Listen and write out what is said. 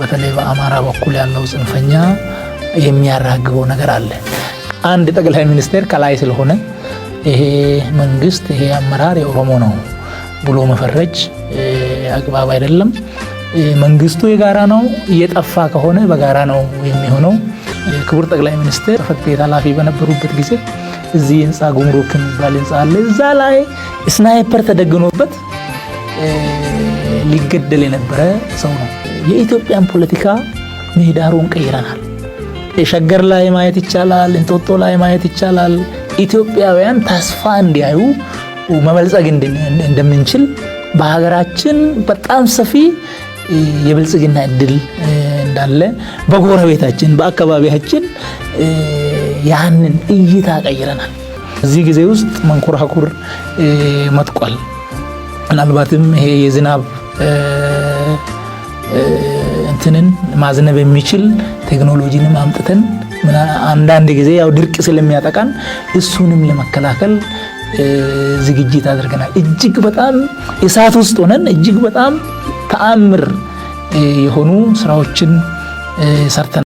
በተለይ በአማራ በኩል ያለው ጽንፈኛ የሚያራግበው ነገር አለ። አንድ ጠቅላይ ሚኒስቴር ከላይ ስለሆነ ይሄ መንግስት ይሄ አመራር የኦሮሞ ነው ብሎ መፈረጅ አግባብ አይደለም። መንግስቱ የጋራ ነው። እየጠፋ ከሆነ በጋራ ነው የሚሆነው። ክቡር ጠቅላይ ሚኒስትር ጽሕፈት ቤት ኃላፊ በነበሩበት ጊዜ እዚህ ህንፃ ጉምሩክ የሚባል ህንፃ አለ። እዛ ላይ ስናይፐር ተደግኖበት ሊገደል የነበረ ሰው ነው። የኢትዮጵያን ፖለቲካ ምህዳሩን ቀይረናል። ሸገር ላይ ማየት ይቻላል። እንጦጦ ላይ ማየት ይቻላል። ኢትዮጵያውያን ተስፋ እንዲያዩ መበልጸግ እንደምንችል በሀገራችን በጣም ሰፊ የብልጽግና እድል እንዳለ በጎረቤታችን በአካባቢያችን ያንን እይታ ቀይረናል። እዚህ ጊዜ ውስጥ መንኮራኩር መጥቋል። ምናልባትም ይሄ የዝናብ እንትንን ማዝነብ የሚችል ቴክኖሎጂንም አምጥተን አንዳንድ ጊዜ ያው ድርቅ ስለሚያጠቃን እሱንም ለመከላከል ዝግጅት አድርገናል። እጅግ በጣም እሳት ውስጥ ሆነን እጅግ በጣም ተአምር የሆኑ ስራዎችን ሰርተናል።